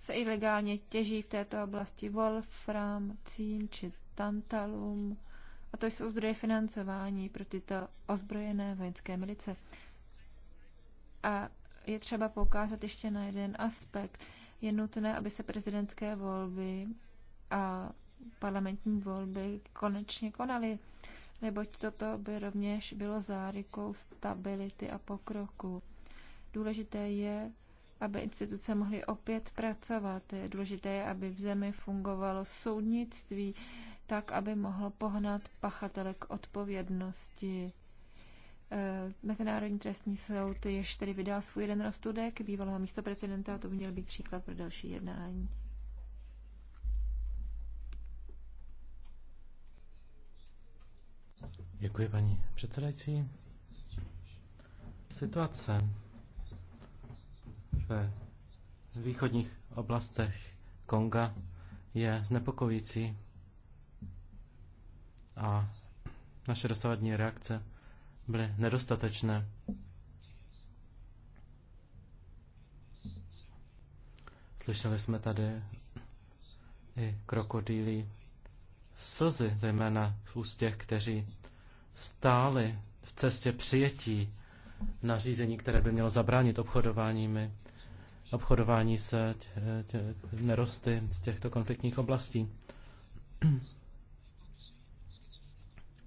se ilegálně těží v této oblasti wolfram, cín či tantalum. A to jsou zdroje financování pro tyto ozbrojené vojenské milice. A je třeba poukázat ještě na jeden aspekt. Je nutné, aby se prezidentské volby a parlamentní volby konečně konaly, neboť toto by rovněž bylo zárykou stability a pokroku. Důležité je, aby instituce mohly opět pracovat. Důležité je, aby v zemi fungovalo soudnictví, tak, aby mohlo pohnat pachatele k odpovědnosti. E, Mezinárodní trestní soud již tedy vydal svůj jeden rozsudek bývalého místo prezidenta a to by měl být příklad pro další jednání. Děkuji, paní předsedající. Situace ve východních oblastech Konga je znepokojící a naše dosavadní reakce byly nedostatečné. Slyšeli jsme tady i krokodýlí slzy, zejména z úst těch, kteří stáli v cestě přijetí nařízení, které by mělo zabránit obchodováními, obchodování se tě, tě, nerosty z těchto konfliktních oblastí.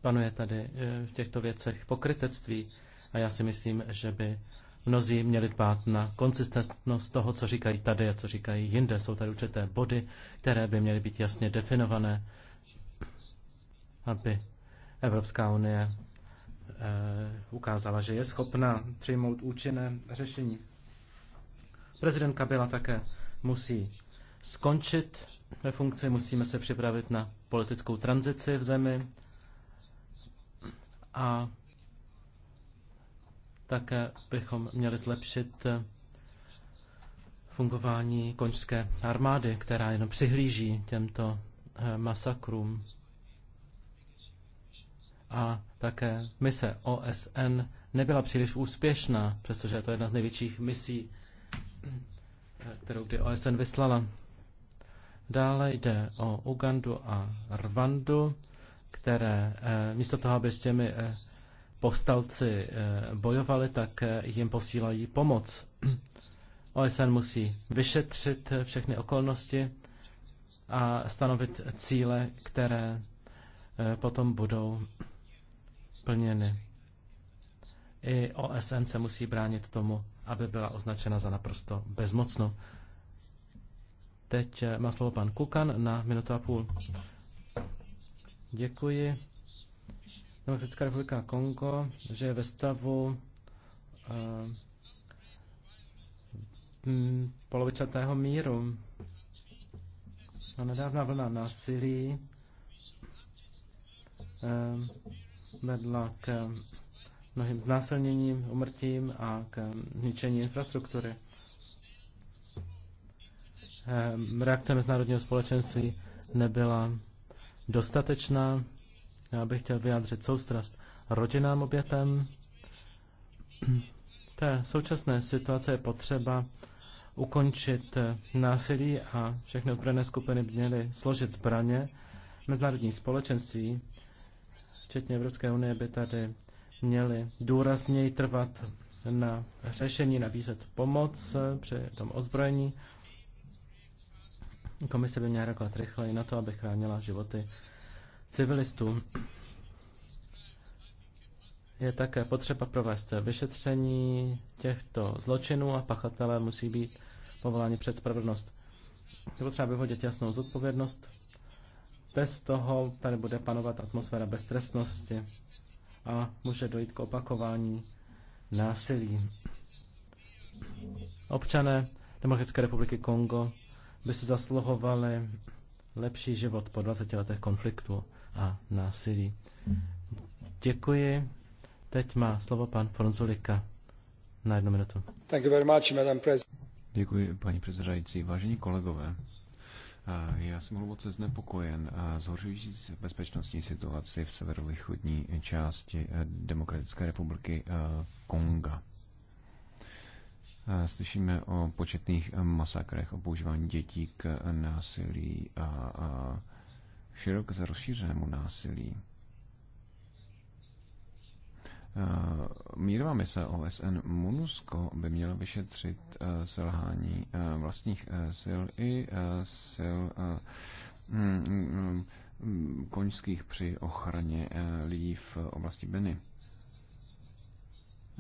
Panuje tady eh, v těchto věcech pokrytectví a já si myslím, že by mnozí měli dbát na konsistentnost toho, co říkají tady a co říkají jinde. Jsou tady určité body, které by měly být jasně definované, aby Evropská unie eh, ukázala, že je schopna přijmout účinné řešení. Prezidentka byla také musí skončit ve funkci, musíme se připravit na politickou tranzici v zemi, a také bychom měli zlepšit eh, fungování končské armády, která jenom přihlíží těmto eh, masakrům. A také mise OSN nebyla příliš úspěšná, přestože je to jedna z největších misí, eh, kterou kdy OSN vyslala. Dále jde o Ugandu a Rwandu které eh, místo toho, aby s těmi eh, povstalci eh, bojovali, tak jim posílají pomoc. OSN musí vyšetřit všechny okolnosti a stanovit cíle, které potom budou plněny. I OSN se musí bránit tomu, aby byla označena za naprosto bezmocnou. Teď má slovo pan Kukan na minutu a půl. Děkuji. Demokratická republika Kongo, že je ve stavu uh, polovičatého míru. A nedávná vlna násilí uh, vedla k eh, mnohým znásilněním, umrtím a k ničení infrastruktury. reakce mezinárodního společenství nebyla dostatečná. Já bych chtěl vyjádřit soustrast rodinám obětem. Té současné situace je potřeba ukončit násilí a všechny ozbrojené skupiny měly složit zbraně. Mezinárodní společenství, včetně Evropské unie, by tady měly důrazněji trvat na řešení, nabízet pomoc při tom ozbrojení Komise by měla reagovat rychleji na to, aby chránila životy civilistů. Je také potřeba provést vyšetření těchto zločinů a pachatelé musí být povoláni před spravedlnost. Je potřeba vyhodit jasnou zodpovědnost. Bez toho tady bude panovat atmosféra beztrestnosti a může dojít k opakování násilí. Občané Demokratické republiky Kongo by si zasluhovali lepší život po 20 letech konfliktu a násilí. Děkuji. Teď má slovo pan Fronzulika na jednu minutu. Děkuji, paní předsedající. Vážení kolegové, já jsem hluboce znepokojen zhoršující bezpečnostní situaci v severovýchodní části eh, Demokratické republiky eh, Konga. Slyšíme o početných masakrech, o používání dětí k násilí a, a široce rozšířenému násilí. Mírová mise OSN MONUSCO by měla vyšetřit selhání vlastních sil i sil mm, mm, koňských při ochraně lidí v oblasti Beny.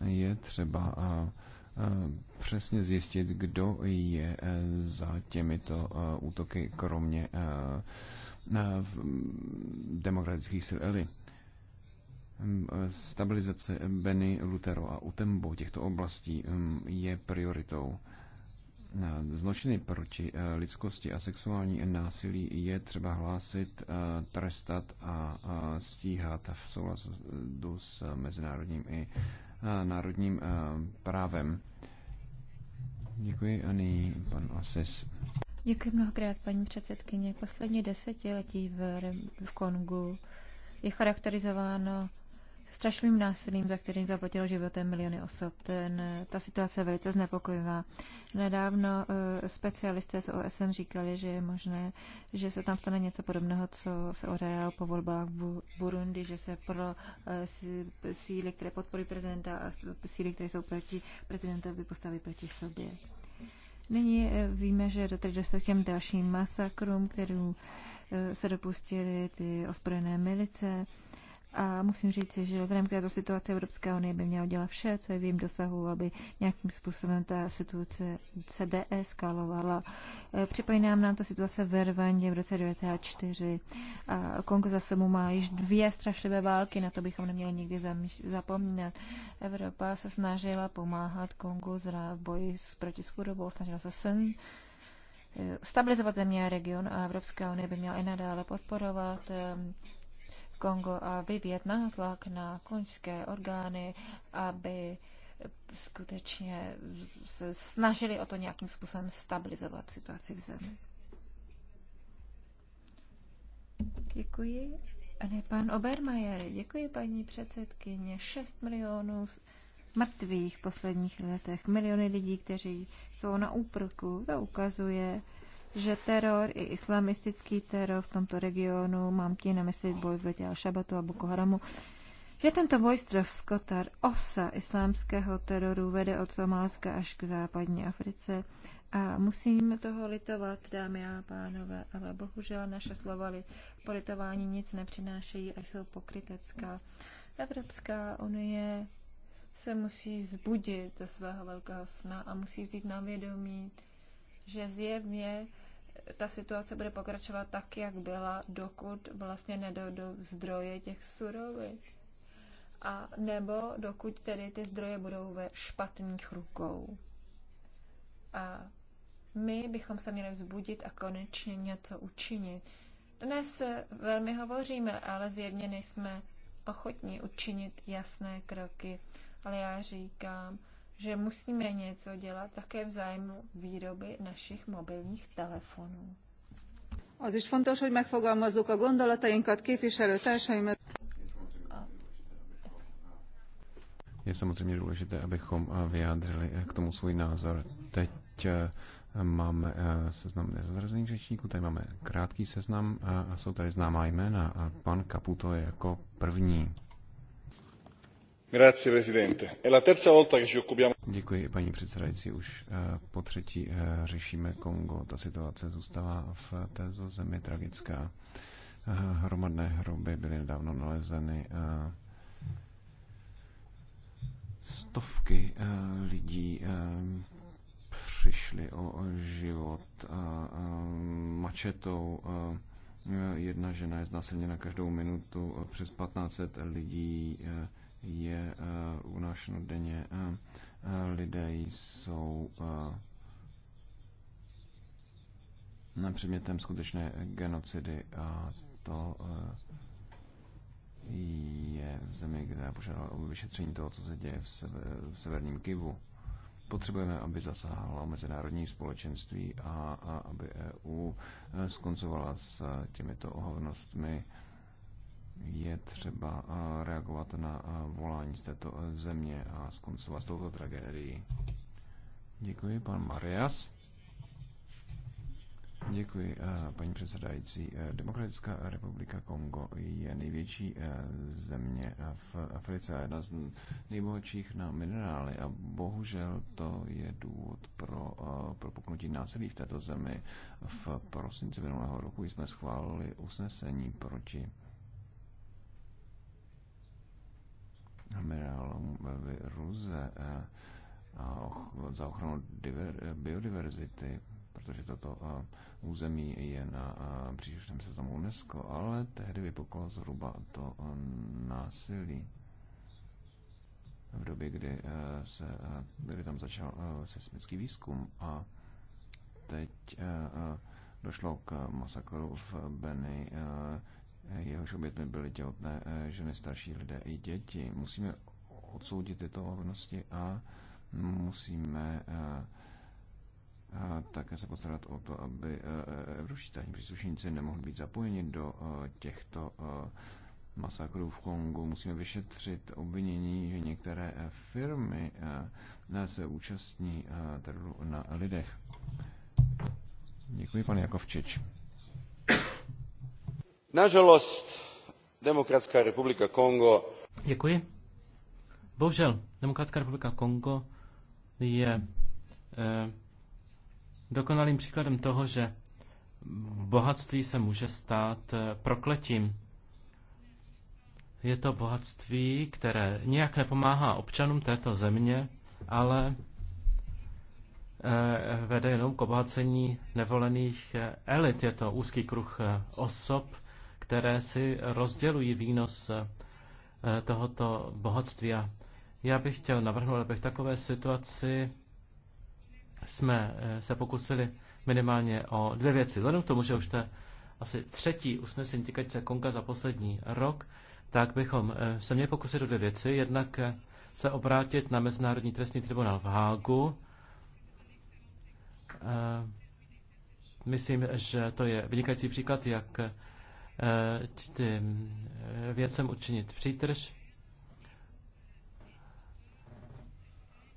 Je třeba Eh, přesně zjistit, kdo je eh, za těmito eh, útoky, kromě mm, demokratických sil Eli. Mm, stabilizace Beny, Lutero a Utembo těchto oblastí mm, je prioritou. Zločiny proti lidskosti a sexuální násilí je třeba hlásit, trestat a stíhat v souladu s mezinárodním i Eh, národním eh, právem. Děkuji Ani, pan Asis. Děkuji mnohokrát, paní předsedkyně. Poslední desetiletí v, v Kongu je charakterizováno strašným násilím, za kterým zaplatilo životem miliony osob. Ten, ta situace je velice znepokojivá. Nedávno eh, specialisté z OSN říkali, že je možné, že se tam stane něco podobného, co se odehrálo po volbách v Burundi, že se pro eh, síly, které podporují prezidenta a síly, které jsou proti prezidentovi, postaví proti sobě. Nyní eh, víme, že do teď k těm dalším masakrům, kterou se dopustily ty ozbrojené milice. A musím říct, že v k této situaci Evropská unie by měla dělat vše, co je v jejím dosahu, aby nějakým způsobem ta situace se deeskalovala. Eh, Připomínám nám to situace v Rwandě v roce 1994. Kongo za sebou má již dvě strašlivé války, na to bychom neměli nikdy zapomínat. Evropa se snažila pomáhat Kongu v boji s proti chudobou, snažila se sen eh, stabilizovat země a region a Evropská unie by měla i nadále podporovat eh, Kongo a vyvíjet nátlak na konžské orgány, aby skutečně se snažili o to nějakým způsobem stabilizovat situaci v zemi. Děkuji. A ne pan Obermajer. Děkuji, paní předsedkyně. 6 milionů mrtvých v posledních letech, miliony lidí, kteří jsou na úprku, to ukazuje, že teror i islamistický teror v tomto regionu, mám tím na mysli boj proti Al-Shabatu a Boko Haramu, že tento vojstrov Skotar, osa islámského teroru, vede od Somálska až k západní Africe a musím toho litovat, dámy a pánové, ale bohužel naše slova politování nic nepřinášejí a jsou pokrytecká. Evropská unie se musí zbudit ze svého velkého sna a musí vzít na vědomí, že zjevně ta situace bude pokračovat tak, jak byla, dokud vlastně nedojdou zdroje těch surovin. A nebo dokud tedy ty zdroje budou ve špatných rukou. A my bychom se měli vzbudit a konečně něco učinit. Dnes velmi hovoříme, ale zjevně nejsme ochotní učinit jasné kroky. Ale já říkám, že musíme něco dělat také v zájmu výroby našich mobilních telefonů. Az is fontos, hogy megfogalmazzuk a gondolatainkat képviselőtársaimat. Je samozřejmě důležité, abychom vyjádřili k tomu svůj názor. Teď eh, máme eh, seznam nezazrazených řečníků, tady máme krátký seznam eh, a jsou tady známá jména. A pan Kaputo je jako první paní předsedající. Už eh, po třetí eh, řešíme Kongo. Ta situace zůstává v této zemi tragická. Eh, hromadné hroby byly nedávno nalezeny. Stovky lidí přišly o život a mačetou. Jedna žena je znásilněna každou minutu. Přes 1500 lidí je uh, eh, unášeno denně. Uh, lidé jsou uh, předmětem skutečné genocidy a to uh, je v zemi, která požádala o vyšetření toho, co se děje v, sever, v severním Kivu. Potřebujeme, aby zasáhlo mezinárodní společenství a, a aby EU skoncovala s těmito ohovnostmi je třeba eh, reagovat na eh, volání z této eh, země a skoncovat s touto tragédií. Děkuji, pan Marias. Děkuji, paní předsedající. Demokratická republika Kongo je největší země v Africe a jedna z nejbohatších na minerály a bohužel to je důvod pro propuknutí násilí v této zemi. V prosinci minulého roku jsme schválili usnesení proti admirálům v Ruze eh, a za ochranu biodiverzity, protože toto eh, území je na eh, příslušném seznamu UNESCO, ale tehdy vypuklo zhruba to násilí v době, kdy, se, kdy tam začal seismický výzkum a teď došlo k masakru v Beny jehož obětmi byly těhotné eh, ženy, starší lidé i děti. Musíme odsoudit tyto hodnosti a musíme eh, eh, také se postarat o to, aby evropští státní příslušníci nemohli být zapojeni do těchto masakrů v Kongu. Musíme vyšetřit obvinění, že některé firmy se účastní teroru na lidech. Děkuji, pan Jakovčič nažalost demokratská republika kongo Děkuji. Bohužel, Demokratská republika Kongo je eh, dokonalým příkladem toho, že bohatství se může stát eh, prokletím. Je to bohatství, které nijak nepomáhá občanům této země, ale eh, vede jenom k obohacení nevolených eh, elit. Je to úzký kruh osob, které si rozdělují výnos eh, tohoto bohatství. A já bych chtěl navrhnout, aby v takové situaci jsme eh, se pokusili minimálně o dvě věci. Vzhledem k tomu, že už to je asi třetí usnesení týkající se Konga za poslední rok, tak bychom eh, se měli pokusit o dvě věci. Jednak se obrátit na Mezinárodní trestní tribunál v Hágu. Myslím, že to je vynikající příklad, jak tím eh, věcem učinit přítrž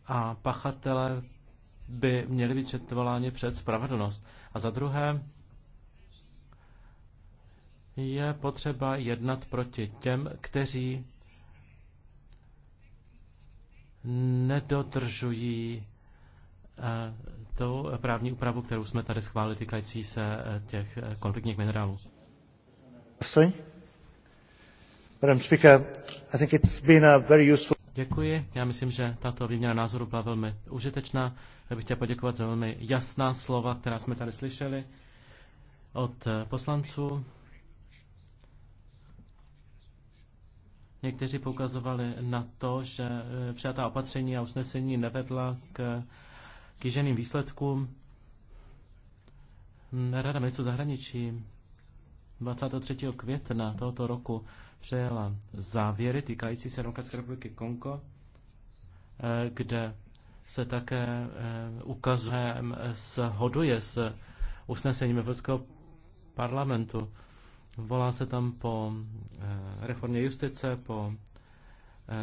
a pachatele by měli být četvoláni před spravedlnost. A za druhé, je potřeba jednat proti těm, kteří nedodržují eh, tu právní úpravu, kterou jsme tady schválili, týkající se eh, těch konfliktních minerálů. Děkuji. Já myslím, že tato výměna názoru byla velmi užitečná. Já bych chtěl poděkovat za velmi jasná slova, která jsme tady slyšeli od eh, poslanců. Někteří poukazovali na to, že eh, přijatá opatření a usnesení nevedla k kýženým výsledkům. Rada ministrů zahraničí 23. května tohoto roku přejela závěry týkající se Demokratické republiky Kongo, eh, kde se také eh, ukazuje, shoduje s usnesením Evropského parlamentu. Volá se tam po eh, reformě justice, po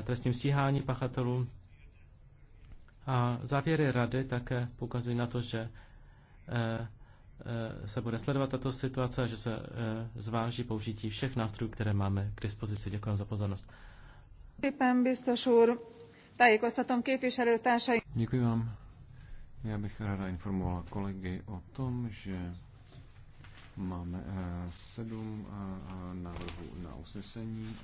trestním stíhání pachatelů. A závěry rady také poukazují na to, že Eh, se bude sledovat tato situace a že se eh, zváží použití všech nástrojů, které máme k dispozici. Děkuji za pozornost. Děkuji vám. Já bych ráda informovala kolegy o tom, že máme eh, sedm návrhů na usnesení.